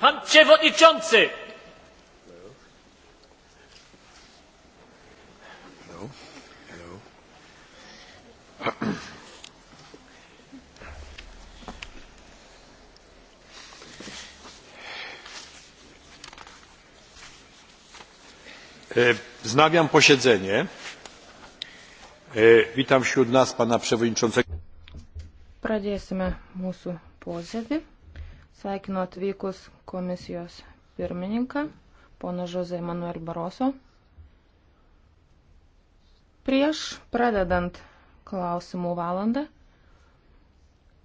Pan przewodniczący! No. No. No. Wznawiam posiedzenie. E, witam wśród nas pana przewodniczącego. Pradėsime mūsų posėdį. Sveikinu atvykus komisijos pirmininką, poną Žozę Emanuelį Baroso. Prieš pradedant klausimų valandą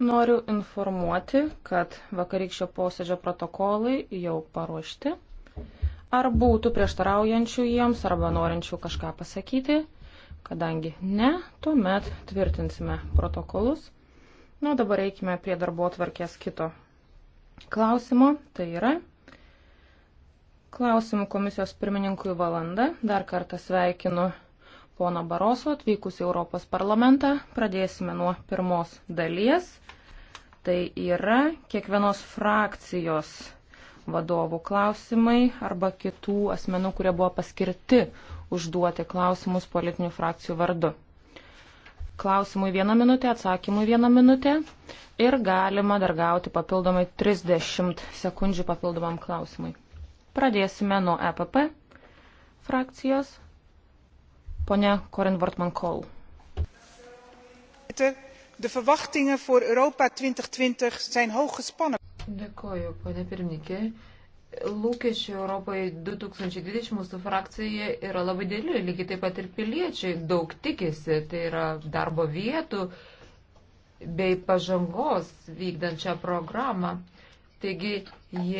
noriu informuoti, kad vakarykščio posėdžio protokolai jau paruošti. Ar būtų prieštaraujančių jiems arba norinčių kažką pasakyti? Kadangi ne, tuomet tvirtinsime protokolus. Na, nu, dabar eikime prie darbo tvarkės kito klausimo, tai yra klausimų komisijos pirmininkui valanda. Dar kartą sveikinu pono Baroso atvykus į Europos parlamentą. Pradėsime nuo pirmos dalies. Tai yra kiekvienos frakcijos vadovų klausimai arba kitų asmenų, kurie buvo paskirti užduoti klausimus politinių frakcijų vardu klausimui vieną minutę, atsakymui vieną minutę ir galima dar gauti papildomai 30 sekundžių papildomam klausimui. Pradėsime nuo EPP frakcijos. Pone Corin Wortman Kohl. De verwachtingen voor Europa 2020 zijn hoog gespannen. Dėkoju, ponė pirmininkė lūkesčiai Europai 2020 mūsų frakcijoje yra labai dėlių, lygiai taip pat ir piliečiai daug tikisi, tai yra darbo vietų bei pažangos vykdančią programą. Taigi jie